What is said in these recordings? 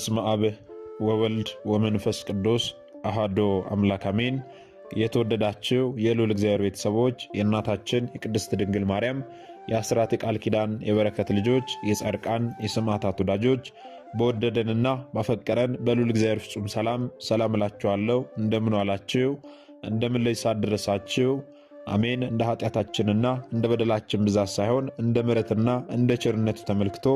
በስመ አብ ወወልድ ወመንፈስ ቅዱስ አሃዶ አምላክ አሜን። የተወደዳችው የልዑል እግዚአብሔር ቤተሰቦች የእናታችን የቅድስት ድንግል ማርያም የአስራት የቃል ኪዳን የበረከት ልጆች የጻድቃን የሰማዕታት ወዳጆች በወደደንና ባፈቀረን በልዑል እግዚአብሔር ፍጹም ሰላም ሰላም እላችኋለሁ። እንደምን ዋላችሁ? እንደምን ለይ ሳደረሳችሁ አሜን። እንደ ኃጢአታችንና እንደ በደላችን ብዛት ሳይሆን እንደ ምሕረትና እንደ ቸርነቱ ተመልክቶ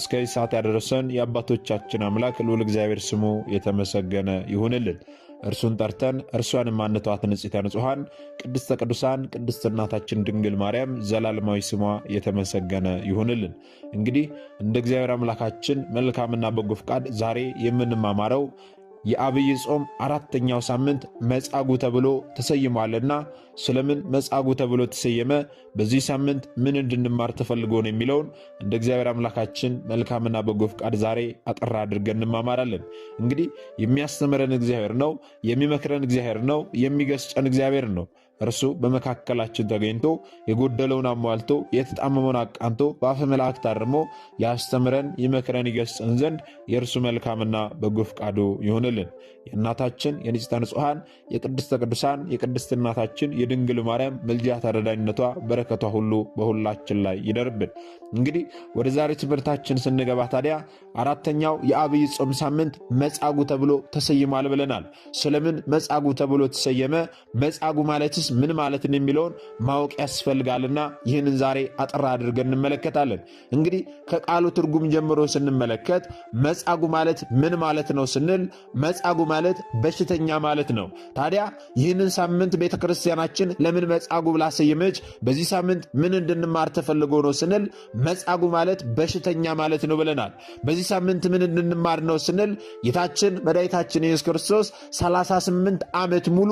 እስከዚህ ሰዓት ያደረሰን የአባቶቻችን አምላክ ልዑል እግዚአብሔር ስሙ የተመሰገነ ይሁንልን። እርሱን ጠርተን እርሷን የማንተዋት ንጽሕተ ንጹሐን ቅድስተ ቅዱሳን ቅድስት እናታችን ድንግል ማርያም ዘላለማዊ ስሟ የተመሰገነ ይሁንልን። እንግዲህ እንደ እግዚአብሔር አምላካችን መልካምና በጎ ፍቃድ ዛሬ የምንማማረው የአብይ ጾም አራተኛው ሳምንት መጻጉ ተብሎ ተሰይሟልና ስለምን መጻጉ ተብሎ ተሰየመ? በዚህ ሳምንት ምን እንድንማር ተፈልጎ ነው የሚለውን እንደ እግዚአብሔር አምላካችን መልካምና በጎ ፍቃድ ዛሬ አጠራ አድርገን እንማማራለን። እንግዲህ የሚያስተምረን እግዚአብሔር ነው፣ የሚመክረን እግዚአብሔር ነው፣ የሚገስጨን እግዚአብሔር ነው። እርሱ በመካከላችን ተገኝቶ የጎደለውን አሟልቶ የተጣመመውን አቃንቶ በአፈ መላእክት አርሞ ያስተምረን ይመክረን ይገስጸን ዘንድ የእርሱ መልካምና በጎ ፍቃዱ ይሆንልን። የእናታችን የንጽሕተ ንጹሐን የቅድስተ ቅዱሳን የቅድስት እናታችን የድንግል ማርያም ምልጃ ተረዳኝነቷ በረከቷ ሁሉ በሁላችን ላይ ይደርብን። እንግዲህ ወደ ዛሬ ትምህርታችን ስንገባ ታዲያ አራተኛው የአብይ ጾም ሳምንት መጻጉ ተብሎ ተሰይሟል ብለናል። ስለምን መጻጉ ተብሎ ተሰየመ? መጻጉ ማለት ቃልስ ምን ማለት ነው የሚለውን ማወቅ ያስፈልጋልና ይህንን ዛሬ አጠር አድርገን እንመለከታለን። እንግዲህ ከቃሉ ትርጉም ጀምሮ ስንመለከት መጻጉ ማለት ምን ማለት ነው ስንል መጻጉ ማለት በሽተኛ ማለት ነው። ታዲያ ይህንን ሳምንት ቤተ ክርስቲያናችን ለምን መጻጉ ብላ ሰየመች? በዚህ ሳምንት ምን እንድንማር ተፈልጎ ነው ስንል መጻጉ ማለት በሽተኛ ማለት ነው ብለናል። በዚህ ሳምንት ምን እንድንማር ነው ስንል ጌታችን መድኃኒታችን ኢየሱስ ክርስቶስ 38 ዓመት ሙሉ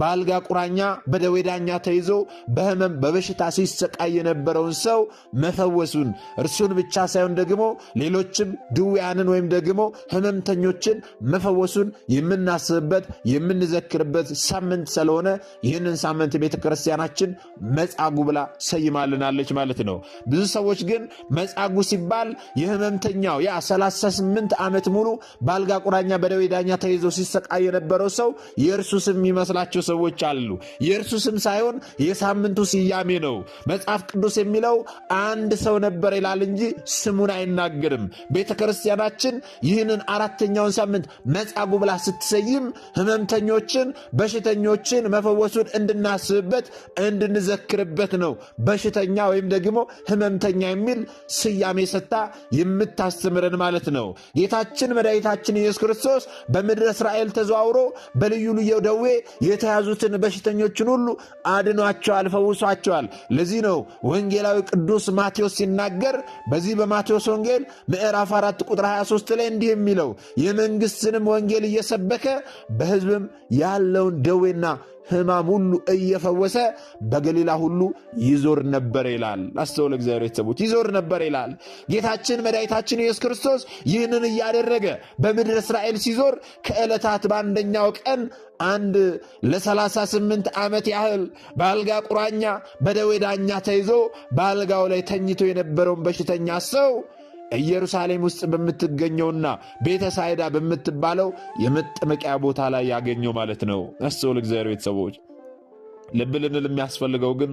በአልጋ ቁራኛ በደዌ ዳኛ ተይዞ በህመም በበሽታ ሲሰቃይ የነበረውን ሰው መፈወሱን እርሱን ብቻ ሳይሆን ደግሞ ሌሎችም ድውያንን ወይም ደግሞ ህመምተኞችን መፈወሱን የምናስብበት የምንዘክርበት ሳምንት ስለሆነ ይህንን ሳምንት ቤተ ክርስቲያናችን ብላ ሰይማልናለች ማለት ነው። ብዙ ሰዎች ግን መጻጉ ሲባል የህመምተኛው ያ 38 ዓመት ሙሉ በአልጋ ቁራኛ በደዌ ዳኛ ተይዞ ሲሰቃይ የነበረው ሰው የእርሱ ስም ይመስላቸው ሰዎች አሉ። የእርሱ ስም ሳይሆን የሳምንቱ ስያሜ ነው። መጽሐፍ ቅዱስ የሚለው አንድ ሰው ነበር ይላል እንጂ ስሙን አይናገርም። ቤተ ክርስቲያናችን ይህንን አራተኛውን ሳምንት መጻጉዕ ብላ ስትሰይም ህመምተኞችን፣ በሽተኞችን መፈወሱን እንድናስብበት እንድንዘክርበት ነው። በሽተኛ ወይም ደግሞ ህመምተኛ የሚል ስያሜ ሰጥታ የምታስተምረን ማለት ነው። ጌታችን መድኃኒታችን ኢየሱስ ክርስቶስ በምድረ እስራኤል ተዘዋውሮ በልዩ ልዩ ደዌ የተ የያዙትን በሽተኞችን ሁሉ አድኗቸዋል፣ ፈውሷቸዋል። ለዚህ ነው ወንጌላዊ ቅዱስ ማቴዎስ ሲናገር በዚህ በማቴዎስ ወንጌል ምዕራፍ 4 ቁጥር 23 ላይ እንዲህ የሚለው የመንግሥትንም ወንጌል እየሰበከ በሕዝብም ያለውን ደዌና ሕማም ሁሉ እየፈወሰ በገሊላ ሁሉ ይዞር ነበር ይላል። አስተውል እግዚአብሔር የተሰቡት ይዞር ነበር ይላል። ጌታችን መድኃኒታችን ኢየሱስ ክርስቶስ ይህንን እያደረገ በምድር እስራኤል ሲዞር ከዕለታት በአንደኛው ቀን አንድ ለ38 ዓመት ያህል በአልጋ ቁራኛ በደዌ ዳኛ ተይዞ በአልጋው ላይ ተኝቶ የነበረውን በሽተኛ ሰው ኢየሩሳሌም ውስጥ በምትገኘውና ቤተ ሳይዳ በምትባለው የመጠመቂያ ቦታ ላይ ያገኘው ማለት ነው። እሱ ለእግዚአብሔር ቤተሰቦች ልብ ልንል የሚያስፈልገው ግን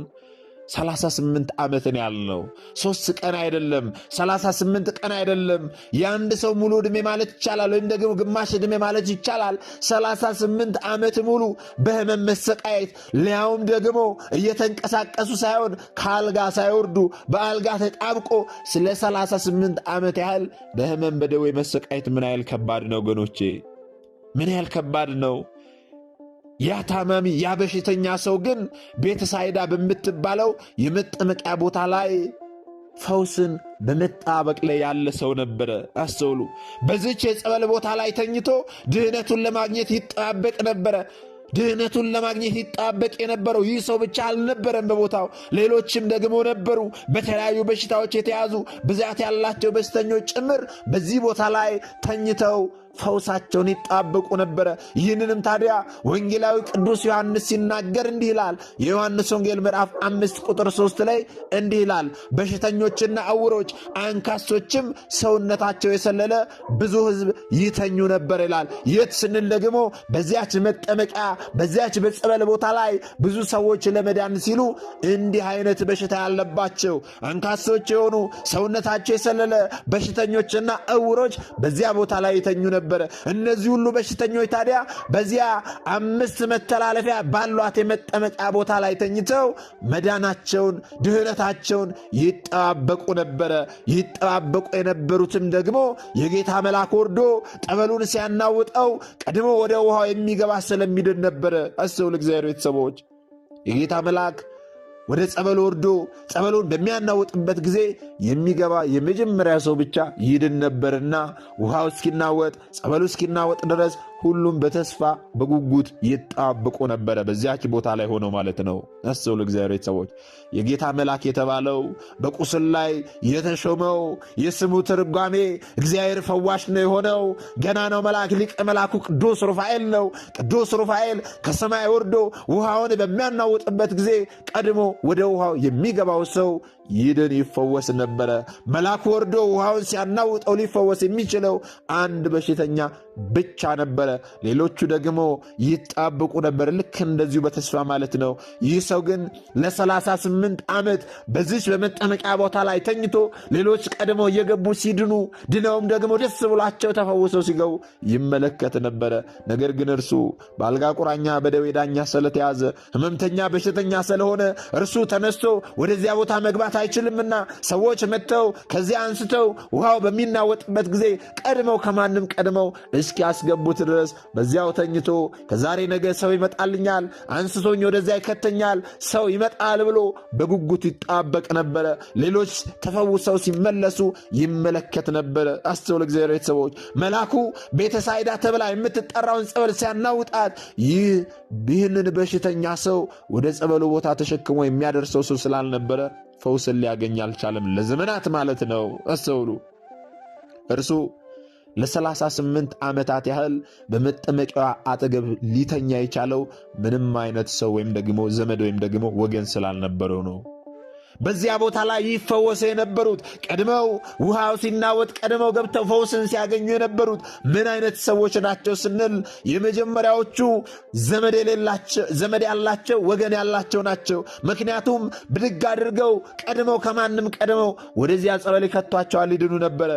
38 ያል ነው ሶስት ቀን አይደለም፣ 38 ቀን አይደለም። የአንድ ሰው ሙሉ ዕድሜ ማለት ይቻላል፣ ወይም ደግሞ ግማሽ ዕድሜ ማለት ይቻላል። 38 ዓመት ሙሉ በህመም መሰቃየት፣ ሊያውም ደግሞ እየተንቀሳቀሱ ሳይሆን ከአልጋ ሳይወርዱ በአልጋ ተጣብቆ ስለ 38 ዓመት ያህል በህመም በደዌ መሰቃየት ምን ያህል ከባድ ነው ወገኖቼ? ምን ያህል ከባድ ነው? ያ ታማሚ ያ በሽተኛ ሰው ግን ቤተ ሳይዳ በምትባለው የመጠመቂያ ቦታ ላይ ፈውስን በመጣበቅ ላይ ያለ ሰው ነበረ። አስተውሉ። በዚች የጸበል ቦታ ላይ ተኝቶ ድህነቱን ለማግኘት ይጠባበቅ ነበረ። ድህነቱን ለማግኘት ይጠባበቅ የነበረው ይህ ሰው ብቻ አልነበረም። በቦታው ሌሎችም ደግሞ ነበሩ፣ በተለያዩ በሽታዎች የተያዙ ብዛት ያላቸው በሽተኞች ጭምር በዚህ ቦታ ላይ ተኝተው ፈውሳቸውን ይጣበቁ ነበረ። ይህንንም ታዲያ ወንጌላዊ ቅዱስ ዮሐንስ ሲናገር እንዲህ ይላል። የዮሐንስ ወንጌል ምዕራፍ አምስት ቁጥር ሶስት ላይ እንዲህ ይላል፣ በሽተኞችና እውሮች አንካሶችም ሰውነታቸው የሰለለ ብዙ ሕዝብ ይተኙ ነበር ይላል። የት ስንል ደግሞ በዚያች መጠመቂያ በዚያች በጸበል ቦታ ላይ ብዙ ሰዎች ለመዳን ሲሉ እንዲህ አይነት በሽታ ያለባቸው አንካሶች የሆኑ ሰውነታቸው የሰለለ በሽተኞችና እውሮች በዚያ ቦታ ላይ ይተኙ ነበር። ነበረ። እነዚህ ሁሉ በሽተኞች ታዲያ በዚያ አምስት መተላለፊያ ባሏት የመጠመቂያ ቦታ ላይ ተኝተው መዳናቸውን ድህነታቸውን ይጠባበቁ ነበረ። ይጠባበቁ የነበሩትም ደግሞ የጌታ መልአክ ወርዶ ጠበሉን ሲያናውጠው ቀድሞ ወደ ውሃው የሚገባ ስለሚድን ነበረ። አስቡ ለእግዚአብሔር ቤተሰቦች የጌታ መልአክ ወደ ጸበል ወርዶ ጸበሉን በሚያናውጥበት ጊዜ የሚገባ የመጀመሪያ ሰው ብቻ ይድን ነበርና ውሃው እስኪናወጥ ጸበሉ እስኪናወጥ ድረስ ሁሉም በተስፋ በጉጉት ይጣብቁ ነበረ። በዚያች ቦታ ላይ ሆነው ማለት ነው። ብሎ እግዚአብሔር ቤተሰቦች፣ የጌታ መልአክ የተባለው በቁስል ላይ የተሾመው የስሙ ትርጓሜ እግዚአብሔር ፈዋሽ ነው የሆነው ገና ነው መልአክ ሊቀ መልአኩ ቅዱስ ሩፋኤል ነው። ቅዱስ ሩፋኤል ከሰማይ ወርዶ ውሃውን በሚያናውጥበት ጊዜ ቀድሞ ወደ ውሃው የሚገባው ሰው ይድን ይፈወስ ነበረ። መልአኩ ወርዶ ውሃውን ሲያናውጠው ሊፈወስ የሚችለው አንድ በሽተኛ ብቻ ነበረ። ሌሎቹ ደግሞ ይጣብቁ ነበር፣ ልክ እንደዚሁ በተስፋ ማለት ነው። ይህ ሰው ግን ለ38 ዓመት በዚች በመጠመቂያ ቦታ ላይ ተኝቶ ሌሎች ቀድመው እየገቡ ሲድኑ ድነውም ደግሞ ደስ ብሏቸው ተፈውሰው ሲገቡ ይመለከት ነበረ። ነገር ግን እርሱ በአልጋ ቁራኛ በደዌ ዳኛ ስለተያዘ ህመምተኛ በሽተኛ ስለሆነ እርሱ ተነስቶ ወደዚያ ቦታ መግባት አይችልምና ሰዎች መጥተው ከዚያ አንስተው ውሃው በሚናወጥበት ጊዜ ቀድመው ከማንም ቀድመው እስኪያስገቡት ድረስ በዚያው ተኝቶ ከዛሬ ነገ ሰው ይመጣልኛል፣ አንስቶኝ ወደዚያ ይከተኛል፣ ሰው ይመጣል ብሎ በጉጉት ይጣበቅ ነበረ። ሌሎች ተፈውሰው ሲመለሱ ይመለከት ነበረ። አስተውል እግዚአብሔር ቤተሰቦች። መልአኩ ቤተሳይዳ ተብላ የምትጠራውን ጸበል ሲያናውጣት ይህ ይህንን በሽተኛ ሰው ወደ ጸበሉ ቦታ ተሸክሞ የሚያደርሰው ሰው ስላልነበረ ፈውስን ሊያገኝ አልቻለም። ለዘመናት ማለት ነው። አስተውሉ። እርሱ ለሰላሳ 38 ዓመታት ያህል በመጠመቂያዋ አጠገብ ሊተኛ የቻለው ምንም አይነት ሰው ወይም ደግሞ ዘመድ ወይም ደግሞ ወገን ስላልነበረው ነው። በዚያ ቦታ ላይ ይፈወሱ የነበሩት ቀድመው ውሃው ሲናወጥ ቀድመው ገብተው ፈውስን ሲያገኙ የነበሩት ምን አይነት ሰዎች ናቸው ስንል የመጀመሪያዎቹ ዘመድ ያላቸው ወገን ያላቸው ናቸው። ምክንያቱም ብድግ አድርገው ቀድመው ከማንም ቀድመው ወደዚያ ጸበል ይከቷቸዋል፣ ይድኑ ነበረ።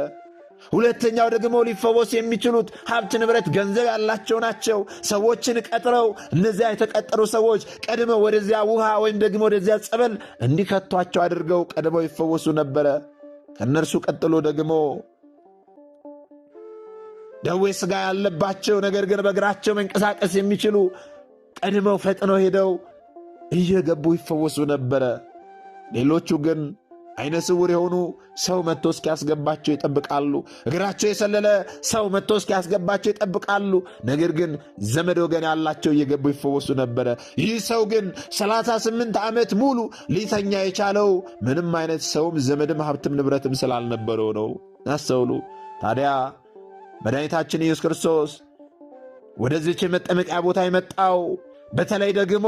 ሁለተኛው ደግሞ ሊፈወስ የሚችሉት ሀብት ንብረት፣ ገንዘብ ያላቸው ናቸው። ሰዎችን ቀጥረው እነዚያ የተቀጠሩ ሰዎች ቀድመው ወደዚያ ውሃ ወይም ደግሞ ወደዚያ ጸበል እንዲከቷቸው አድርገው ቀድመው ይፈወሱ ነበረ። ከእነርሱ ቀጥሎ ደግሞ ደዌ ሥጋ ያለባቸው ነገር ግን በእግራቸው መንቀሳቀስ የሚችሉ ቀድመው ፈጥነው ሄደው እየገቡ ይፈወሱ ነበረ። ሌሎቹ ግን አይነ ስውር የሆኑ ሰው መጥቶ እስኪያስገባቸው ይጠብቃሉ። እግራቸው የሰለለ ሰው መጥቶ እስኪያስገባቸው ይጠብቃሉ። ነገር ግን ዘመድ ወገን ያላቸው እየገቡ ይፈወሱ ነበረ። ይህ ሰው ግን ሰላሳ ዓመት ሙሉ ሊተኛ የቻለው ምንም አይነት ሰውም ዘመድም ሀብትም ንብረትም ስላልነበረው ነው። አስተውሉ። ታዲያ መድኃኒታችን ኢየሱስ ክርስቶስ ወደዚች መጠመቂያ ቦታ የመጣው በተለይ ደግሞ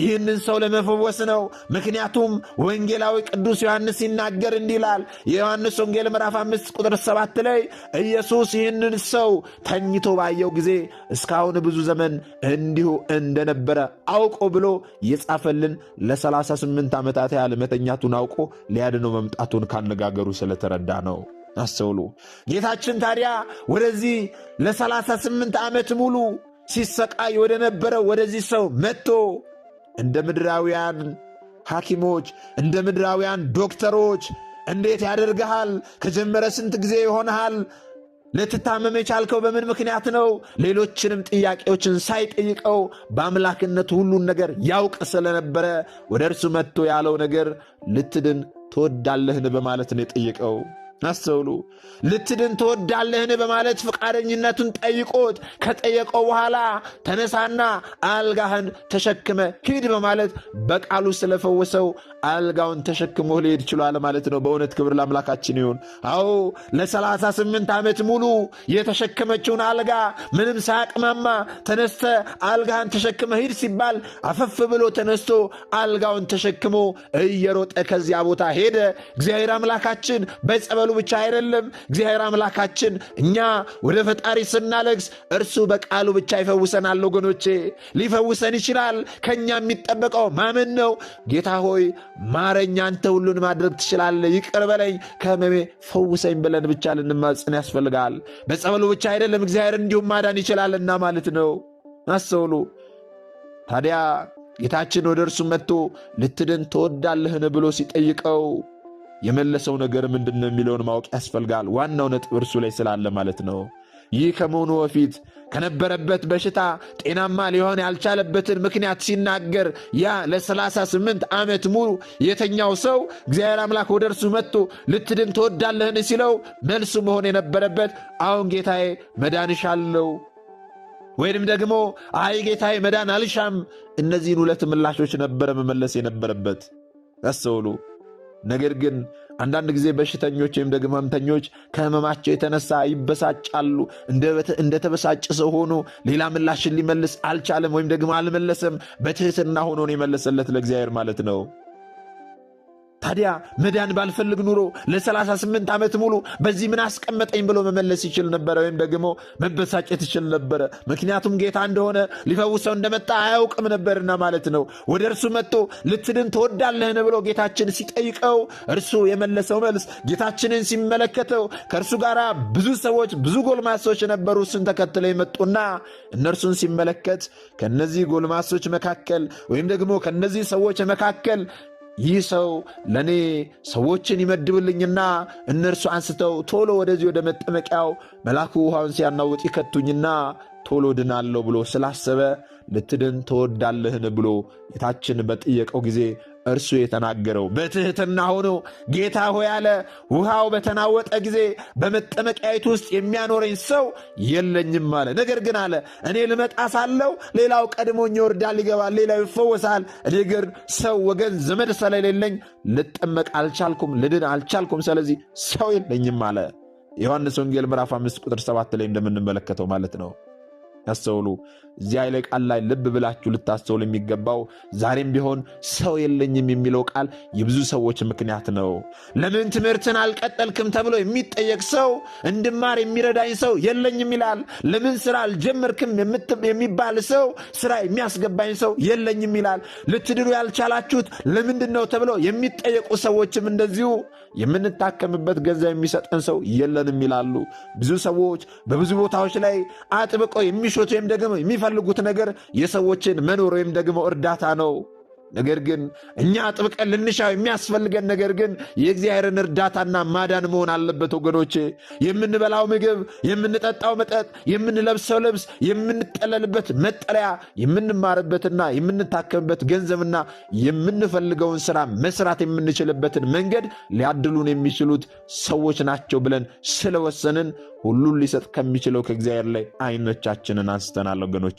ይህንን ሰው ለመፈወስ ነው። ምክንያቱም ወንጌላዊ ቅዱስ ዮሐንስ ሲናገር እንዲህ ይላል። የዮሐንስ ወንጌል ምዕራፍ አምስት ቁጥር ሰባት ላይ ኢየሱስ ይህንን ሰው ተኝቶ ባየው ጊዜ እስካሁን ብዙ ዘመን እንዲሁ እንደነበረ አውቆ ብሎ የጻፈልን ለ38 ዓመታት ያህል መተኛቱን አውቆ ሊያድነው መምጣቱን ካነጋገሩ ስለተረዳ ነው። አስተውሉ። ጌታችን ታዲያ ወደዚህ ለ38 ዓመት ሙሉ ሲሰቃይ ወደ ነበረው ወደዚህ ሰው መጥቶ እንደ ምድራውያን ሐኪሞች እንደ ምድራውያን ዶክተሮች እንዴት ያደርግሃል? ከጀመረ ስንት ጊዜ ይሆንሃል? ልትታመም የቻልከው በምን ምክንያት ነው? ሌሎችንም ጥያቄዎችን ሳይጠይቀው በአምላክነቱ ሁሉን ነገር ያውቅ ስለነበረ ወደ እርሱ መጥቶ ያለው ነገር ልትድን ትወዳለህን? በማለት ነው የጠየቀው። አስተውሉ። ልትድን ትወዳለህን በማለት ፈቃደኝነቱን ጠይቆት ከጠየቀው በኋላ ተነሳና አልጋህን ተሸክመ ሂድ በማለት በቃሉ ስለፈወሰው አልጋውን ተሸክሞ ሊሄድ ችሏል ማለት ነው። በእውነት ክብር ለአምላካችን ይሁን። አዎ ለሰላሳ ስምንት ዓመት ሙሉ የተሸከመችውን አልጋ ምንም ሳያቅማማ ተነስተ አልጋህን ተሸክመ ሂድ ሲባል አፈፍ ብሎ ተነስቶ አልጋውን ተሸክሞ እየሮጠ ከዚያ ቦታ ሄደ። እግዚአብሔር አምላካችን በጸበ መቀበሉ ብቻ አይደለም። እግዚአብሔር አምላካችን እኛ ወደ ፈጣሪ ስናለግስ እርሱ በቃሉ ብቻ ይፈውሰናል። ወገኖቼ ሊፈውሰን ይችላል። ከእኛ የሚጠበቀው ማመን ነው። ጌታ ሆይ ማረኝ፣ አንተ ሁሉን ማድረግ ትችላለህ፣ ይቅር በለኝ፣ ከህመሜ ፈውሰኝ ብለን ብቻ ልንማጽን ያስፈልጋል። በጸበሉ ብቻ አይደለም እግዚአብሔር እንዲሁም ማዳን ይችላልና ማለት ነው። አስተውሉ ታዲያ ጌታችን ወደ እርሱ መጥቶ ልትድን ትወዳለህን ብሎ ሲጠይቀው የመለሰው ነገር ምንድን ነው የሚለውን ማወቅ ያስፈልጋል። ዋናው ነጥብ እርሱ ላይ ስላለ ማለት ነው። ይህ ከመሆኑ በፊት ከነበረበት በሽታ ጤናማ ሊሆን ያልቻለበትን ምክንያት ሲናገር ያ ለ38 ዓመት ሙሉ የተኛው ሰው እግዚአብሔር አምላክ ወደ እርሱ መጥቶ ልትድን ትወዳለህን ሲለው መልሱ መሆን የነበረበት አሁን ጌታዬ መዳንሻለው ወይንም ደግሞ አይ ጌታዬ መዳን አልሻም። እነዚህን ሁለት ምላሾች ነበረ መመለስ የነበረበት አስተውሉ። ነገር ግን አንዳንድ ጊዜ በሽተኞች ወይም ደግሞ ህመምተኞች ከህመማቸው የተነሳ ይበሳጫሉ። እንደተበሳጨ ሰው ሆኖ ሌላ ምላሽን ሊመልስ አልቻለም፣ ወይም ደግሞ አልመለሰም። በትህትና ሆኖ ነው የመለሰለት ለእግዚአብሔር ማለት ነው። ታዲያ መዳን ባልፈልግ ኑሮ ለ38 ዓመት ሙሉ በዚህ ምን አስቀመጠኝ ብሎ መመለስ ይችል ነበረ፣ ወይም ደግሞ መበሳጨት ይችል ነበረ። ምክንያቱም ጌታ እንደሆነ ሊፈውሰው እንደመጣ አያውቅም ነበርና ማለት ነው። ወደ እርሱ መጥቶ ልትድን ትወዳለህን ብሎ ጌታችን ሲጠይቀው እርሱ የመለሰው መልስ ጌታችንን ሲመለከተው ከእርሱ ጋር ብዙ ሰዎች ብዙ ጎልማሶች ነበሩ። እሱን ተከትለው የመጡና እነርሱን ሲመለከት ከነዚህ ጎልማሶች መካከል ወይም ደግሞ ከነዚህ ሰዎች መካከል ይህ ሰው ለእኔ ሰዎችን ይመድብልኝና እነርሱ አንስተው ቶሎ ወደዚህ ወደ መጠመቂያው መልአኩ ውሃውን ሲያናውጥ ይከቱኝና ቶሎ ድናለሁ ብሎ ስላሰበ ልትድን ትወዳለህን ብሎ ጌታችን በጠየቀው ጊዜ እርሱ የተናገረው በትህትና ሆኖ ጌታ ሆይ አለ። ውሃው በተናወጠ ጊዜ በመጠመቂያዊት ውስጥ የሚያኖረኝ ሰው የለኝም አለ። ነገር ግን አለ እኔ ልመጣ ሳለው ሌላው ቀድሞኝ ይወርዳል፣ ይገባል፣ ሌላው ይፈወሳል። እኔ ግን ሰው ወገን ዘመድ ስለሌለኝ ልጠመቅ አልቻልኩም፣ ልድን አልቻልኩም። ስለዚህ ሰው የለኝም አለ። ዮሐንስ ወንጌል ምዕራፍ 5 ቁጥር 7 ላይ እንደምንመለከተው ማለት ነው። ያስተውሉ እዚህ ኃይለ ቃል ላይ ልብ ብላችሁ ልታስተውል የሚገባው ዛሬም ቢሆን ሰው የለኝም የሚለው ቃል የብዙ ሰዎች ምክንያት ነው። ለምን ትምህርትን አልቀጠልክም ተብሎ የሚጠየቅ ሰው እንድማር የሚረዳኝ ሰው የለኝም ይላል። ለምን ስራ አልጀመርክም የሚባል ሰው ስራ የሚያስገባኝ ሰው የለኝም ይላል። ልትድሩ ያልቻላችሁት ለምንድን ነው ተብሎ የሚጠየቁ ሰዎችም እንደዚሁ የምንታከምበት ገንዘብ የሚሰጠን ሰው የለንም ይላሉ። ብዙ ሰዎች በብዙ ቦታዎች ላይ አጥብቀው የሚሾት ወይም ደግሞ የሚፈልጉት ነገር የሰዎችን መኖር ወይም ደግሞ እርዳታ ነው። ነገር ግን እኛ ጥብቀን ልንሻው የሚያስፈልገን ነገር ግን የእግዚአብሔርን እርዳታና ማዳን መሆን አለበት። ወገኖቼ የምንበላው ምግብ፣ የምንጠጣው መጠጥ፣ የምንለብሰው ልብስ፣ የምንጠለልበት መጠለያ፣ የምንማርበትና የምንታከምበት ገንዘብና የምንፈልገውን ስራ መስራት የምንችልበትን መንገድ ሊያድሉን የሚችሉት ሰዎች ናቸው ብለን ስለወሰንን ሁሉን ሊሰጥ ከሚችለው ከእግዚአብሔር ላይ አይኖቻችንን አንስተናል። ወገኖቼ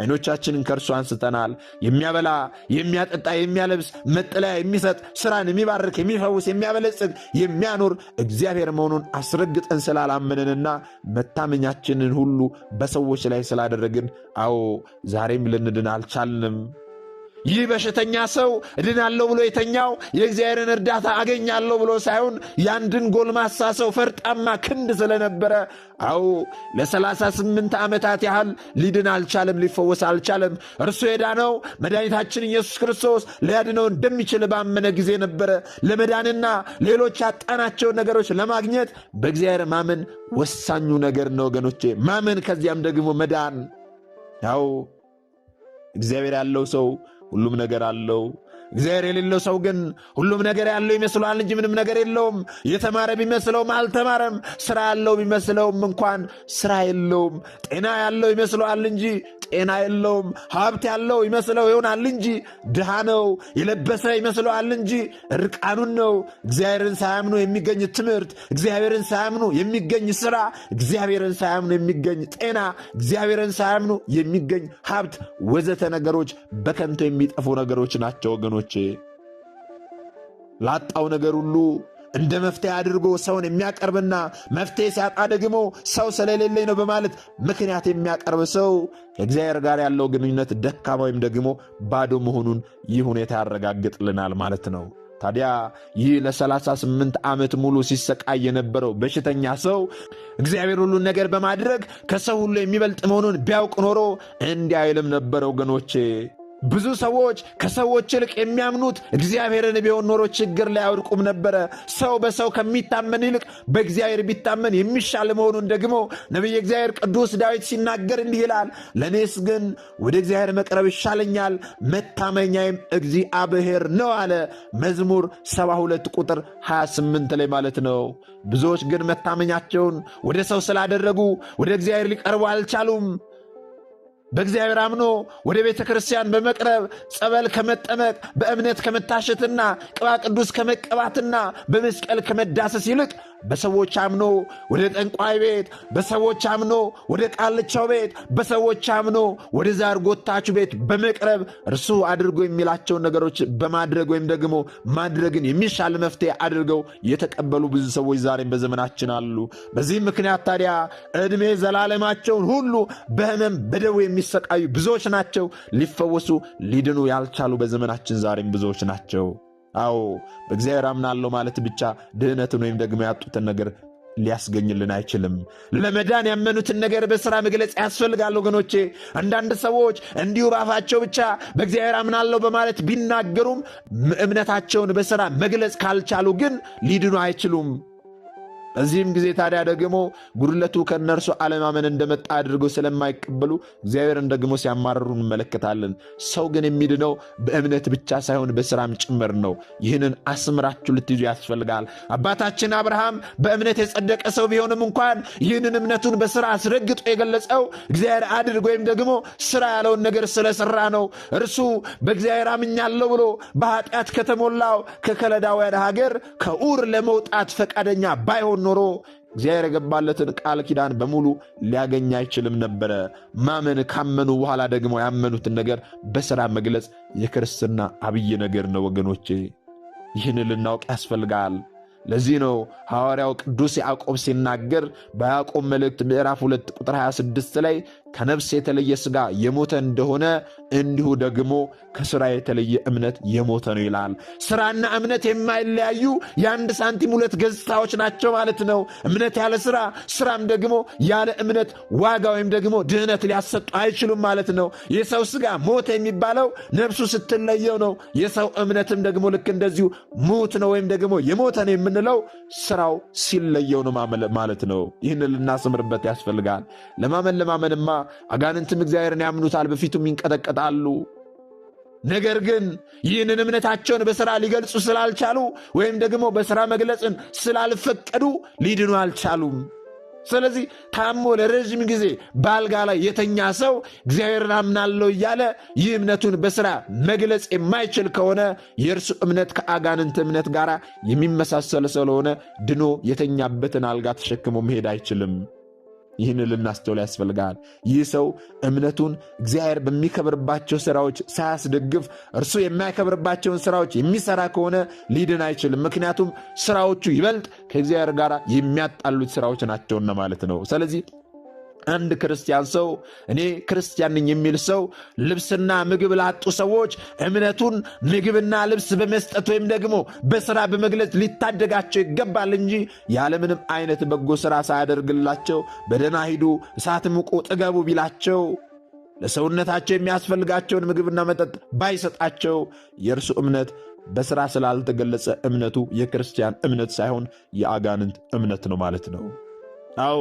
አይኖቻችንን ከእርሱ አንስተናል። የሚያበላ የሚያ የሚያቀጣ፣ የሚያለብስ፣ መጠለያ የሚሰጥ፣ ስራን የሚባርክ፣ የሚፈውስ፣ የሚያበለጽግ፣ የሚያኖር እግዚአብሔር መሆኑን አስረግጠን ስላላመንንና መታመኛችንን ሁሉ በሰዎች ላይ ስላደረግን አዎ ዛሬም ልንድን አልቻልንም። ይህ በሽተኛ ሰው እድናለሁ ብሎ የተኛው የእግዚአብሔርን እርዳታ አገኛለሁ ብሎ ሳይሆን የአንድን ጎልማሳ ሰው ፈርጣማ ክንድ ስለነበረ፣ አዎ ለ38 ዓመታት ያህል ሊድን አልቻለም፣ ሊፈወስ አልቻለም። እርሱ የዳነው መድኃኒታችን ኢየሱስ ክርስቶስ ሊያድነው እንደሚችል ባመነ ጊዜ ነበረ። ለመዳንና ሌሎች ያጣናቸውን ነገሮች ለማግኘት በእግዚአብሔር ማመን ወሳኙ ነገር ነው ወገኖቼ፣ ማመን ከዚያም ደግሞ መዳን። ያው እግዚአብሔር ያለው ሰው ሁሉም ነገር አለው። እግዚአብሔር የሌለው ሰው ግን ሁሉም ነገር ያለው ይመስለዋል እንጂ ምንም ነገር የለውም። የተማረ ቢመስለውም አልተማረም። ስራ ያለው ቢመስለውም እንኳን ስራ የለውም። ጤና ያለው ይመስለዋል እንጂ ጤና የለውም። ሀብት ያለው ይመስለው ይሆናል እንጂ ድሃ ነው። የለበሰ ይመስለዋል እንጂ እርቃኑን ነው። እግዚአብሔርን ሳያምኑ የሚገኝ ትምህርት፣ እግዚአብሔርን ሳያምኑ የሚገኝ ስራ፣ እግዚአብሔርን ሳያምኑ የሚገኝ ጤና፣ እግዚአብሔርን ሳያምኑ የሚገኝ ሀብት ወዘተ ነገሮች በከንቱ የሚጠፉ ነገሮች ናቸው ወገኖቼ። ላጣው ነገር ሁሉ እንደ መፍትሄ አድርጎ ሰውን የሚያቀርብና መፍትሄ ሲያጣ ደግሞ ሰው ስለሌለኝ ነው በማለት ምክንያት የሚያቀርብ ሰው ከእግዚአብሔር ጋር ያለው ግንኙነት ደካማ ወይም ደግሞ ባዶ መሆኑን ይህ ሁኔታ ያረጋግጥልናል ማለት ነው። ታዲያ ይህ ለ38 ዓመት ሙሉ ሲሰቃይ የነበረው በሽተኛ ሰው እግዚአብሔር ሁሉን ነገር በማድረግ ከሰው ሁሉ የሚበልጥ መሆኑን ቢያውቅ ኖሮ እንዲህ አይልም ነበር ወገኖቼ። ብዙ ሰዎች ከሰዎች ይልቅ የሚያምኑት እግዚአብሔርን ቢሆን ኖሮ ችግር ላይ አውድቁም ነበረ። ሰው በሰው ከሚታመን ይልቅ በእግዚአብሔር ቢታመን የሚሻል መሆኑን ደግሞ ነቢየ እግዚአብሔር ቅዱስ ዳዊት ሲናገር እንዲህ ይላል፣ ለእኔስ ግን ወደ እግዚአብሔር መቅረብ ይሻለኛል፣ መታመኛዬም እግዚአብሔር ነው አለ። መዝሙር 72 ቁጥር 28 ላይ ማለት ነው። ብዙዎች ግን መታመኛቸውን ወደ ሰው ስላደረጉ ወደ እግዚአብሔር ሊቀርቡ አልቻሉም። በእግዚአብሔር አምኖ ወደ ቤተ ክርስቲያን በመቅረብ ጸበል ከመጠመቅ በእምነት ከመታሸትና ቅባ ቅዱስ ከመቀባትና በመስቀል ከመዳሰስ ይልቅ በሰዎች አምኖ ወደ ጠንቋይ ቤት፣ በሰዎች አምኖ ወደ ቃልቻው ቤት፣ በሰዎች አምኖ ወደ ዛር ጎታች ቤት በመቅረብ እርሱ አድርጎ የሚላቸውን ነገሮች በማድረግ ወይም ደግሞ ማድረግን የሚሻል መፍትሄ አድርገው የተቀበሉ ብዙ ሰዎች ዛሬም በዘመናችን አሉ። በዚህም ምክንያት ታዲያ ዕድሜ ዘላለማቸውን ሁሉ በህመም በደዌ የሚሰቃዩ ብዙዎች ናቸው። ሊፈወሱ ሊድኑ ያልቻሉ በዘመናችን ዛሬም ብዙዎች ናቸው። አዎ በእግዚአብሔር አምናለሁ ማለት ብቻ ድህነትን ወይም ደግሞ ያጡትን ነገር ሊያስገኝልን አይችልም። ለመዳን ያመኑትን ነገር በስራ መግለጽ ያስፈልጋል ወገኖቼ። አንዳንድ ሰዎች እንዲሁ ባፋቸው ብቻ በእግዚአብሔር አምናለሁ በማለት ቢናገሩም እምነታቸውን በስራ መግለጽ ካልቻሉ ግን ሊድኑ አይችሉም። በዚህም ጊዜ ታዲያ ደግሞ ጉድለቱ ከእነርሱ አለማመን እንደመጣ አድርገው ስለማይቀበሉ እግዚአብሔርን ደግሞ ሲያማርሩ እንመለከታለን። ሰው ግን የሚድነው በእምነት ብቻ ሳይሆን በስራም ጭምር ነው። ይህንን አስምራችሁ ልትይዙ ያስፈልጋል። አባታችን አብርሃም በእምነት የጸደቀ ሰው ቢሆንም እንኳን ይህንን እምነቱን በስራ አስረግጦ የገለጸው እግዚአብሔር አድርግ ወይም ደግሞ ስራ ያለውን ነገር ስለሰራ ነው። እርሱ በእግዚአብሔር አምኛለሁ ብሎ በኃጢአት ከተሞላው ከከለዳውያን ሀገር ከዑር ለመውጣት ፈቃደኛ ባይሆን ቢሆን ኖሮ እግዚአብሔር የገባለትን ቃል ኪዳን በሙሉ ሊያገኝ አይችልም ነበረ። ማመን ካመኑ በኋላ ደግሞ ያመኑትን ነገር በሥራ መግለጽ የክርስትና አብይ ነገር ነው ወገኖቼ። ይህን ልናውቅ ያስፈልጋል። ለዚህ ነው ሐዋርያው ቅዱስ ያዕቆብ ሲናገር በያዕቆብ መልእክት ምዕራፍ 2 ቁጥር 26 ላይ ከነፍስ የተለየ ሥጋ የሞተ እንደሆነ እንዲሁ ደግሞ ከስራ የተለየ እምነት የሞተ ነው ይላል። ስራና እምነት የማይለያዩ የአንድ ሳንቲም ሁለት ገጽታዎች ናቸው ማለት ነው። እምነት ያለ ስራ፣ ስራም ደግሞ ያለ እምነት ዋጋ ወይም ደግሞ ድህነት ሊያሰጡ አይችሉም ማለት ነው። የሰው ስጋ ሞት የሚባለው ነፍሱ ስትለየው ነው። የሰው እምነትም ደግሞ ልክ እንደዚሁ ሙት ነው ወይም ደግሞ የሞተ ነው የምንለው ስራው ሲለየው ነው ማለት ነው። ይህን ልናስምርበት ያስፈልጋል። ለማመን ለማመንማ አጋንንትም እግዚአብሔርን ያምኑታል፣ በፊቱም ይንቀጠቀጣል ይሰጣሉ። ነገር ግን ይህንን እምነታቸውን በሥራ ሊገልጹ ስላልቻሉ ወይም ደግሞ በሥራ መግለጽን ስላልፈቀዱ ሊድኑ አልቻሉም። ስለዚህ ታሞ ለረዥም ጊዜ በአልጋ ላይ የተኛ ሰው እግዚአብሔርን አምናለሁ እያለ ይህ እምነቱን በሥራ መግለጽ የማይችል ከሆነ የእርሱ እምነት ከአጋንንት እምነት ጋር የሚመሳሰል ስለሆነ ድኖ የተኛበትን አልጋ ተሸክሞ መሄድ አይችልም። ይህን ልናስተውል ያስፈልጋል። ይህ ሰው እምነቱን እግዚአብሔር በሚከብርባቸው ስራዎች ሳያስደግፍ እርሱ የማይከብርባቸውን ስራዎች የሚሰራ ከሆነ ሊድን አይችልም። ምክንያቱም ስራዎቹ ይበልጥ ከእግዚአብሔር ጋር የሚያጣሉት ስራዎች ናቸውና ማለት ነው። ስለዚህ አንድ ክርስቲያን ሰው እኔ ክርስቲያን ነኝ የሚል ሰው ልብስና ምግብ ላጡ ሰዎች እምነቱን ምግብና ልብስ በመስጠት ወይም ደግሞ በስራ በመግለጽ ሊታደጋቸው ይገባል እንጂ ያለምንም አይነት በጎ ስራ ሳያደርግላቸው በደና ሂዱ፣ እሳት ሙቁ፣ ጥገቡ ቢላቸው ለሰውነታቸው የሚያስፈልጋቸውን ምግብና መጠጥ ባይሰጣቸው የእርሱ እምነት በስራ ስላልተገለጸ እምነቱ የክርስቲያን እምነት ሳይሆን የአጋንንት እምነት ነው ማለት ነው። አዎ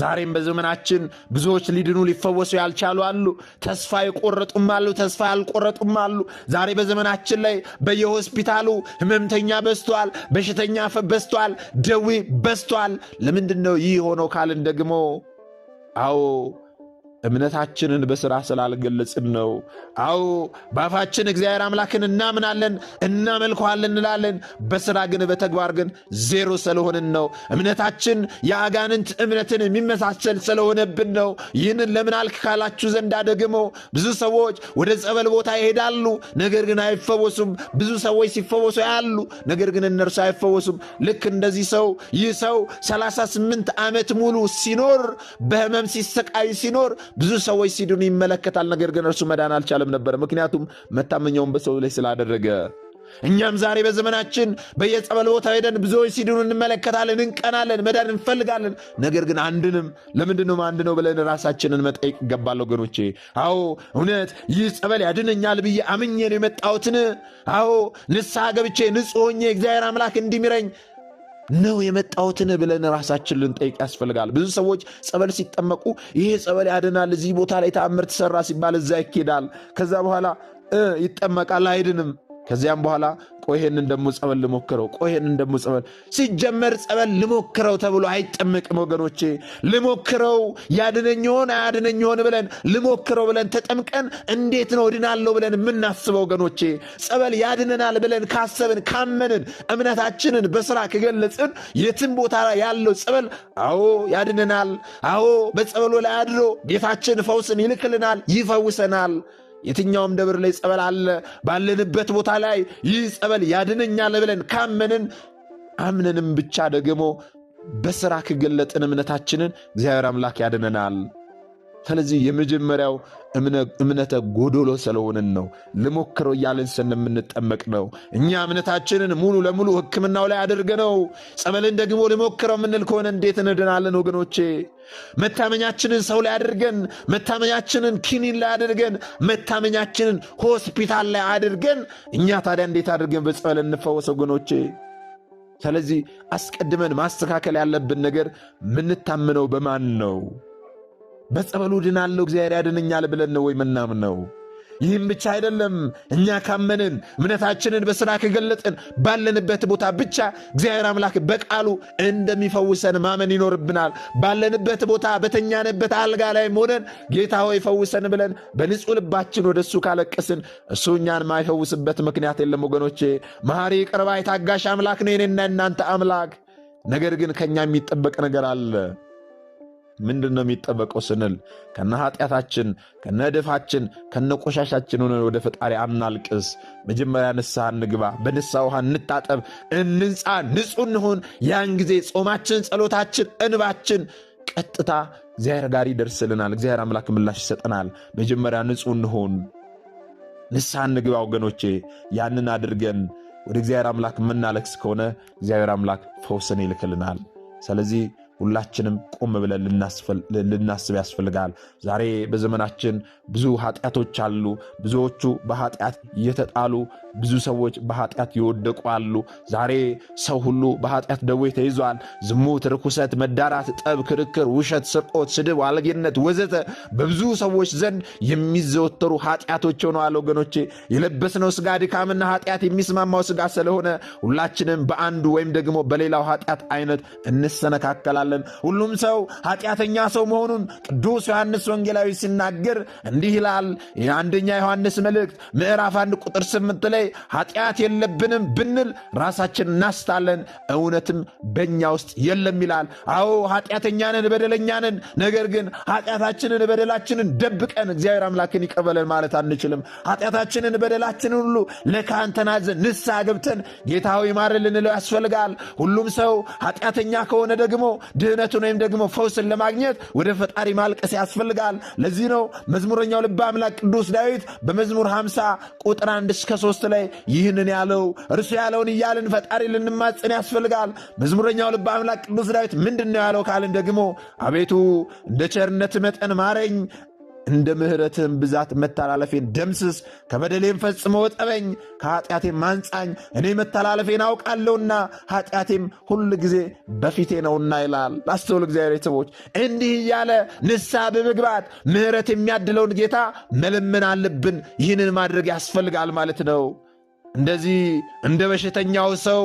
ዛሬም በዘመናችን ብዙዎች ሊድኑ ሊፈወሱ ያልቻሉ አሉ። ተስፋ የቆረጡም አሉ። ተስፋ ያልቆረጡም አሉ። ዛሬ በዘመናችን ላይ በየሆስፒታሉ ህመምተኛ በዝቷል፣ በሽተኛ በዝቷል፣ ደዌ በዝቷል። ለምንድን ነው ይህ ሆኖ ካልን ደግሞ አዎ እምነታችንን በሥራ ስላልገለጽን ነው። አዎ በአፋችን እግዚአብሔር አምላክን እናምናለን፣ እናመልከዋለን እንላለን። በሥራ ግን በተግባር ግን ዜሮ ስለሆንን ነው። እምነታችን የአጋንንት እምነትን የሚመሳሰል ስለሆነብን ነው። ይህንን ለምን አልክ ካላችሁ ዘንዳ ደግሞ ብዙ ሰዎች ወደ ጸበል ቦታ ይሄዳሉ፣ ነገር ግን አይፈወሱም። ብዙ ሰዎች ሲፈወሱ ያሉ፣ ነገር ግን እነርሱ አይፈወሱም። ልክ እንደዚህ ሰው ይህ ሰው 38 ዓመት ሙሉ ሲኖር በህመም ሲሰቃይ ሲኖር ብዙ ሰዎች ሲድኑ ይመለከታል። ነገር ግን እርሱ መዳን አልቻለም ነበር፣ ምክንያቱም መታመኛውን በሰው ላይ ስላደረገ። እኛም ዛሬ በዘመናችን በየጸበል ቦታ ሄደን ብዙዎች ሲድኑ እንመለከታለን፣ እንቀናለን፣ መዳን እንፈልጋለን። ነገር ግን አንድንም ለምንድነው አንድ ነው ብለን ራሳችንን መጠየቅ ይገባል ወገኖቼ። አዎ እውነት ይህ ጸበል ያድነኛል ብዬ አምኜ ነው የመጣሁትን? አዎ ንስሐ ገብቼ ንጹሕ ሆኜ እግዚአብሔር አምላክ እንዲምረኝ ነው የመጣሁትን ብለን ራሳችን ልንጠይቅ ያስፈልጋል። ብዙ ሰዎች ጸበል ሲጠመቁ ይሄ ጸበል ያድናል፣ እዚህ ቦታ ላይ ተአምር ተሰራ ሲባል እዛ ይኬዳል። ከዛ በኋላ ይጠመቃል፣ አይድንም። ከዚያም በኋላ ቆይሄን ደግሞ ጸበል ልሞክረው፣ ቆይሄን ደግሞ ጸበል ሲጀመር ጸበል ልሞክረው ተብሎ አይጠመቅም ወገኖቼ። ልሞክረው ያድነኝ ይሆን አያድነኝ ብለን ልሞክረው ብለን ተጠምቀን እንዴት ነው ድናለው ብለን የምናስበው ወገኖቼ። ጸበል ያድነናል ብለን ካሰብን ካመንን፣ እምነታችንን በስራ ከገለጽን የትም ቦታ ላይ ያለው ጸበል አዎ ያድነናል፣ አዎ በጸበሉ ላይ አድሮ ጌታችን ፈውስን ይልክልናል፣ ይፈውሰናል። የትኛውም ደብር ላይ ጸበል አለ። ባለንበት ቦታ ላይ ይህ ጸበል ያድነኛል ብለን ካመንን አምነንም ብቻ ደግሞ በስራ ከገለጥን እምነታችንን እግዚአብሔር አምላክ ያድነናል። ስለዚህ የመጀመሪያው እምነተ ጎዶሎ ስለሆንን ነው። ልሞክረው እያለን ስንምንጠመቅ ነው። እኛ እምነታችንን ሙሉ ለሙሉ ሕክምናው ላይ አድርገነው ጸበልን ደግሞ ልሞክረው የምንል ከሆነ እንዴት እንድናለን ወገኖቼ? መታመኛችንን ሰው ላይ አድርገን፣ መታመኛችንን ኪኒን ላይ አድርገን፣ መታመኛችንን ሆስፒታል ላይ አድርገን እኛ ታዲያ እንዴት አድርገን በጸበል እንፈወስ ወገኖቼ? ስለዚህ አስቀድመን ማስተካከል ያለብን ነገር ምንታምነው በማን ነው? በጸበሉ ድናለው እግዚአብሔር ያድነኛል ብለን ነው ወይ ምናምን ነው። ይህም ብቻ አይደለም። እኛ ካመንን እምነታችንን በስራ ከገለጥን ባለንበት ቦታ ብቻ እግዚአብሔር አምላክ በቃሉ እንደሚፈውሰን ማመን ይኖርብናል። ባለንበት ቦታ በተኛንበት አልጋ ላይ ሆነን ጌታ ሆይ ፈውሰን ብለን በንጹሕ ልባችን ወደ እሱ ካለቀስን እሱ እኛን ማይፈውስበት ምክንያት የለም። ወገኖቼ መሐሪ ቅርባይ ታጋሽ አምላክ ነው የኔና እናንተ አምላክ። ነገር ግን ከእኛ የሚጠበቅ ነገር አለ። ምንድን ነው የሚጠበቀው ስንል ከነ ኃጢአታችን ከነ ደፋችን ከነ ቆሻሻችን ሆነን ወደ ፈጣሪ አናልቅስ። መጀመሪያ ንስሐ እንግባ፣ በንስሐ ውሃ እንታጠብ፣ እንንጻ፣ ንጹሕ እንሆን። ያን ጊዜ ጾማችን፣ ጸሎታችን፣ እንባችን ቀጥታ እግዚአብሔር ጋር ይደርስልናል። እግዚአብሔር አምላክ ምላሽ ይሰጠናል። መጀመሪያ ንጹሕ እንሆን፣ ንስሐ እንግባ ወገኖቼ። ያንን አድርገን ወደ እግዚአብሔር አምላክ የምናለክስ ከሆነ እግዚአብሔር አምላክ ፈውስን ይልክልናል። ስለዚህ ሁላችንም ቆም ብለን ልናስብ ያስፈልጋል። ዛሬ በዘመናችን ብዙ ኃጢአቶች አሉ። ብዙዎቹ በኃጢአት የተጣሉ ብዙ ሰዎች በኃጢአት ይወደቁ አሉ። ዛሬ ሰው ሁሉ በኃጢአት ደዌ ተይዟል። ዝሙት፣ ርኩሰት፣ መዳራት፣ ጠብ፣ ክርክር፣ ውሸት፣ ስርቆት፣ ስድብ፣ አለጌነት ወዘተ በብዙ ሰዎች ዘንድ የሚዘወተሩ ኃጢአቶች ሆነዋል። ወገኖቼ የለበስነው ስጋ ድካምና ኃጢአት የሚስማማው ስጋ ስለሆነ ሁላችንም በአንዱ ወይም ደግሞ በሌላው ኃጢአት አይነት እንሰነካከላለን። ሁሉም ሰው ኃጢአተኛ ሰው መሆኑን ቅዱስ ዮሐንስ ወንጌላዊ ሲናገር እንዲህ ይላል። የአንደኛ ዮሐንስ መልእክት ምዕራፍ አንድ ቁጥር ስምንት ላይ ኃጢአት የለብንም ብንል ራሳችን እናስታለን፣ እውነትም በእኛ ውስጥ የለም ይላል። አዎ ኃጢአተኛንን በደለኛንን። ነገር ግን ኃጢአታችንን በደላችንን ደብቀን እግዚአብሔር አምላክን ይቀበለን ማለት አንችልም። ኃጢአታችንን በደላችንን ሁሉ ለካንተናዘን ተናዘን ንስሐ ገብተን ጌታ ሆይ ማረን ልንለው ያስፈልጋል። ሁሉም ሰው ኃጢአተኛ ከሆነ ደግሞ ድህነቱን ወይም ደግሞ ፈውስን ለማግኘት ወደ ፈጣሪ ማልቀስ ያስፈልጋል። ለዚህ ነው መዝሙረኛው ልበ አምላክ ቅዱስ ዳዊት በመዝሙር 50 ቁጥር 1 እስከ 3 ላይ ይህንን ያለው እርሱ ያለውን እያልን ፈጣሪ ልንማጽን ያስፈልጋል። መዝሙረኛው ልበ አምላክ ቅዱስ ዳዊት ምንድን ነው ያለው ካልን ደግሞ አቤቱ እንደ ቸርነት መጠን ማረኝ እንደ ምሕረትህም ብዛት መተላለፌን ደምስስ፣ ከበደሌም ፈጽሞ እጠበኝ፣ ከኃጢአቴም አንጻኝ። እኔ መተላለፌን አውቃለሁና ኃጢአቴም ሁል ጊዜ በፊቴ ነውና ይላል። አስተውል እግዚአብሔር ቤተሰቦች፣ እንዲህ እያለ ንስሐ በመግባት ምሕረት የሚያድለውን ጌታ መለመን አለብን። ይህንን ማድረግ ያስፈልጋል ማለት ነው። እንደዚህ እንደ በሽተኛው ሰው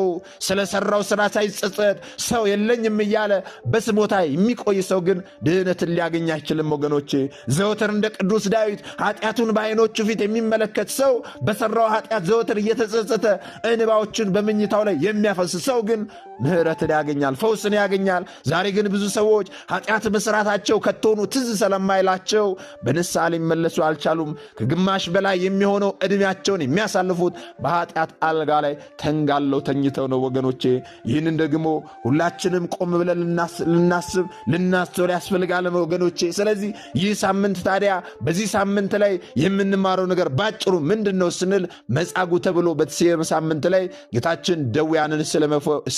ስለሰራው ስራ ሳይጸጸት ሰው የለኝም እያለ በስሞታ የሚቆይ ሰው ግን ድህነትን ሊያገኝ አይችልም። ወገኖቼ ዘወትር እንደ ቅዱስ ዳዊት ኃጢአቱን በዐይኖቹ ፊት የሚመለከት ሰው በሰራው ኃጢአት ዘወትር እየተጸጸተ እንባዎችን በመኝታው ላይ የሚያፈስ ሰው ግን ምሕረትን ያገኛል፣ ፈውስን ያገኛል። ዛሬ ግን ብዙ ሰዎች ኃጢአት መስራታቸው ከቶኑ ትዝ ስለማይላቸው በንስሐ ሊመለሱ አልቻሉም። ከግማሽ በላይ የሚሆነው ዕድሜያቸውን የሚያሳልፉት በኃጢአት አልጋ ላይ ተንጋለው ተኝተው ነው ወገኖቼ። ይህንን ደግሞ ሁላችንም ቆም ብለን ልናስብ ልናስተውል ያስፈልጋል ወገኖቼ። ስለዚህ ይህ ሳምንት ታዲያ በዚህ ሳምንት ላይ የምንማረው ነገር ባጭሩ ምንድን ነው ስንል መጻጉዕ ተብሎ በተሰየመ ሳምንት ላይ ጌታችን ደውያንን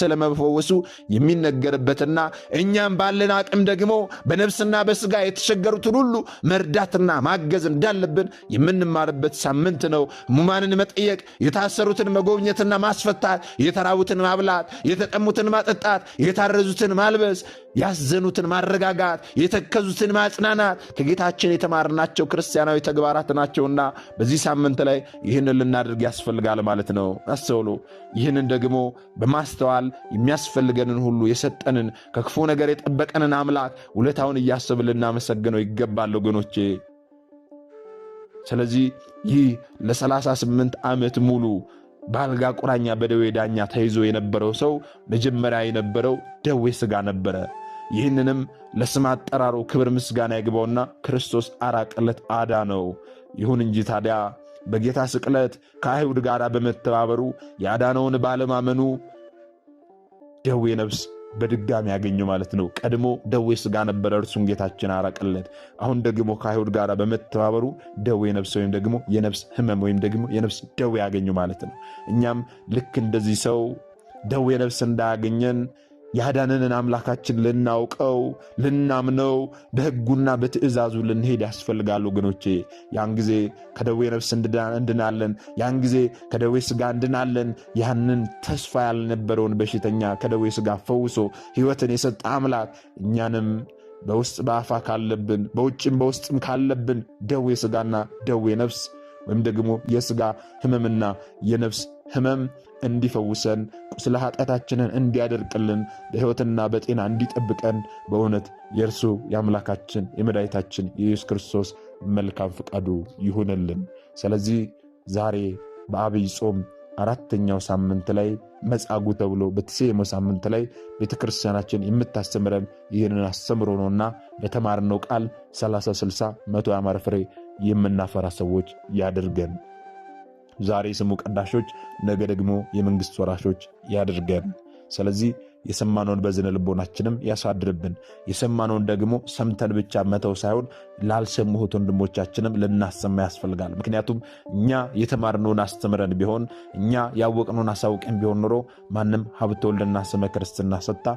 ስለመፈወሱ የሚነገርበትና እኛም ባለን አቅም ደግሞ በነፍስና በስጋ የተቸገሩትን ሁሉ መርዳትና ማገዝ እንዳለብን የምንማርበት ሳምንት ነው። ሕሙማንን መጠየቅ የታ የታሰሩትን መጎብኘትና ማስፈታት፣ የተራቡትን ማብላት፣ የተጠሙትን ማጠጣት፣ የታረዙትን ማልበስ፣ ያዘኑትን ማረጋጋት፣ የተከዙትን ማጽናናት ከጌታችን የተማርናቸው ክርስቲያናዊ ተግባራት ናቸውና በዚህ ሳምንት ላይ ይህንን ልናደርግ ያስፈልጋል ማለት ነው። አስተውሉ። ይህንን ደግሞ በማስተዋል የሚያስፈልገንን ሁሉ የሰጠንን ከክፉ ነገር የጠበቀንን አምላክ ውለታውን እያስብን ልናመሰግነው ይገባል ወገኖቼ። ስለዚህ ይህ ለ38 ዓመት ሙሉ በአልጋ ቁራኛ በደዌ ዳኛ ተይዞ የነበረው ሰው መጀመሪያ የነበረው ደዌ ሥጋ ነበረ። ይህንንም ለስም አጠራሩ ክብር ምስጋና ይግባውና ክርስቶስ አራቅለት አዳ ነው። ይሁን እንጂ ታዲያ በጌታ ስቅለት ከአይሁድ ጋር በመተባበሩ ያዳነውን ባለማመኑ ደዌ ነፍስ በድጋሚ ያገኘው ማለት ነው። ቀድሞ ደዌ ስጋ ነበረ፣ እርሱን ጌታችን አራቀለት። አሁን ደግሞ ከአይሁድ ጋር በመተባበሩ ደዌ ነፍስ ወይም ደግሞ የነፍስ ህመም ወይም ደግሞ የነፍስ ደዌ ያገኘው ማለት ነው። እኛም ልክ እንደዚህ ሰው ደዌ ነፍስ እንዳያገኘን ያዳነንን አምላካችን ልናውቀው ልናምነው በሕጉና በትእዛዙ ልንሄድ ያስፈልጋል ወገኖቼ። ያን ጊዜ ከደዌ ነፍስ እንድናለን። ያን ጊዜ ከደዌ ስጋ እንድናለን። ያንን ተስፋ ያልነበረውን በሽተኛ ከደዌ ስጋ ፈውሶ ሕይወትን የሰጠ አምላክ እኛንም በውስጥ በአፋ ካለብን በውጭም በውስጥም ካለብን ደዌ ስጋና ደዌ ነፍስ ወይም ደግሞ የስጋ ህመምና የነፍስ ህመም እንዲፈውሰን፣ ቁስለ ኃጢአታችንን እንዲያደርቅልን፣ በሕይወትና በጤና እንዲጠብቀን በእውነት የእርሱ የአምላካችን የመድኃኒታችን የኢየሱስ ክርስቶስ መልካም ፈቃዱ ይሁንልን። ስለዚህ ዛሬ በአብይ ጾም አራተኛው ሳምንት ላይ መጻጉዕ ተብሎ በተሰየመው ሳምንት ላይ ቤተ ክርስቲያናችን የምታስተምረን ይህንን አስተምሮ ነውና በተማርነው ቃል 30 60 መቶ ያማረ ፍሬ የምናፈራ ሰዎች ያድርገን። ዛሬ ስሙ ቀዳሾች፣ ነገ ደግሞ የመንግስት ወራሾች ያድርገን። ስለዚህ የሰማነውን በዝነ ልቦናችንም ያሳድርብን። የሰማነውን ደግሞ ሰምተን ብቻ መተው ሳይሆን ላልሰሙሁት ወንድሞቻችንም ልናሰማ ያስፈልጋል። ምክንያቱም እኛ የተማርነውን አስተምረን ቢሆን እኛ ያወቅነውን አሳውቀን ቢሆን ኖሮ ማንም ሀብተ ወልድና ስመ ክርስትና ሰጥታ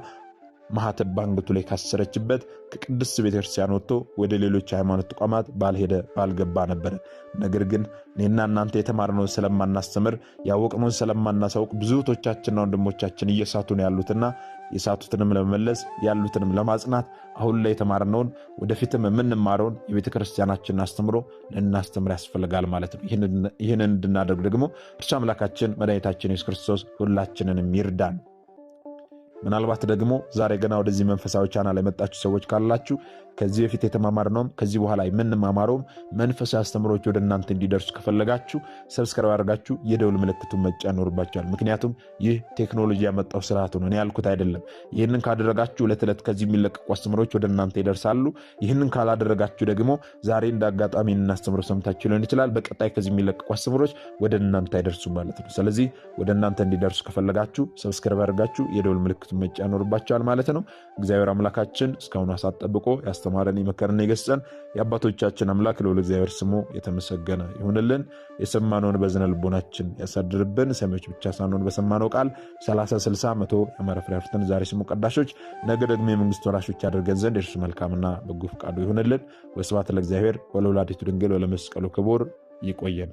ማህተብ ባንገቱ ላይ ካሰረችበት ከቅድስት ቤተክርስቲያን ወጥቶ ወደ ሌሎች ሃይማኖት ተቋማት ባልሄደ ባልገባ ነበረ። ነገር ግን እኔና እናንተ የተማርነውን ስለማናስተምር ያወቅነውን ስለማናሳውቅ ብዙ እህቶቻችንና ወንድሞቻችን እየሳቱን ያሉትና የሳቱትንም ለመመለስ ያሉትንም ለማጽናት አሁን ላይ የተማርነውን ወደፊትም የምንማረውን የቤተ ክርስቲያናችንን አስተምሮ ልናስተምር ያስፈልጋል ማለት ነው። ይህንን እንድናደርግ ደግሞ እርሱ አምላካችን መድኃኒታችን የሱስ ክርስቶስ ሁላችንንም ይርዳን። ምናልባት ደግሞ ዛሬ ገና ወደዚህ መንፈሳዊ ቻናል የመጣችሁ ሰዎች ካላችሁ ከዚህ በፊት የተማማርነውም ከዚህ በኋላ የምንማማረውም መንፈሳዊ አስተምሮች ወደ እናንተ እንዲደርሱ ከፈለጋችሁ ሰብስክራይብ አድርጋችሁ የደውል ምልክቱን መጫ ይኖርባችኋል። ምክንያቱም ይህ ቴክኖሎጂ ያመጣው ስርዓት ነው፣ እኔ ያልኩት አይደለም። ይህንን ካደረጋችሁ ዕለት ዕለት ከዚህ የሚለቀቁ አስተምሮች ወደ እናንተ ይደርሳሉ። ይህንን ካላደረጋችሁ ደግሞ ዛሬ እንደ አጋጣሚ እናስተምሮ ሰምታችሁ ሊሆን ይችላል። በቀጣይ ከዚህ የሚለቀቁ አስተምሮች ወደ እናንተ አይደርሱም ማለት ነው። ስለዚህ ወደ እናንተ እንዲደርሱ ከፈለጋችሁ ሰብስክራይብ አድርጋችሁ የደውል ምልክቱን መጫ ይኖርባችኋል ማለት ነው። እግዚአብሔር አምላካችን እስካሁን አሳት ጠብቆ ያስተማረን የመከረን የገሰጸን የአባቶቻችን አምላክ ልዑል እግዚአብሔር ስሙ የተመሰገነ ይሁንልን። የሰማነውን በዝነ ልቦናችን ያሳድርብን። ሰሚዎች ብቻ ሳንሆን በሰማነው ቃል 30፣ 60፣ መቶ ያማረ ፍሬ አፍርተን ዛሬ ስሙ ቀዳሾች፣ ነገ ደግሞ የመንግስት ወራሾች ያደርገን ዘንድ የእርሱ መልካምና በጎ ፈቃዱ ይሁንልን። ወስብሐት ለእግዚአብሔር ወለወላዲቱ ድንግል ወለመስቀሉ ክቡር። ይቆየን።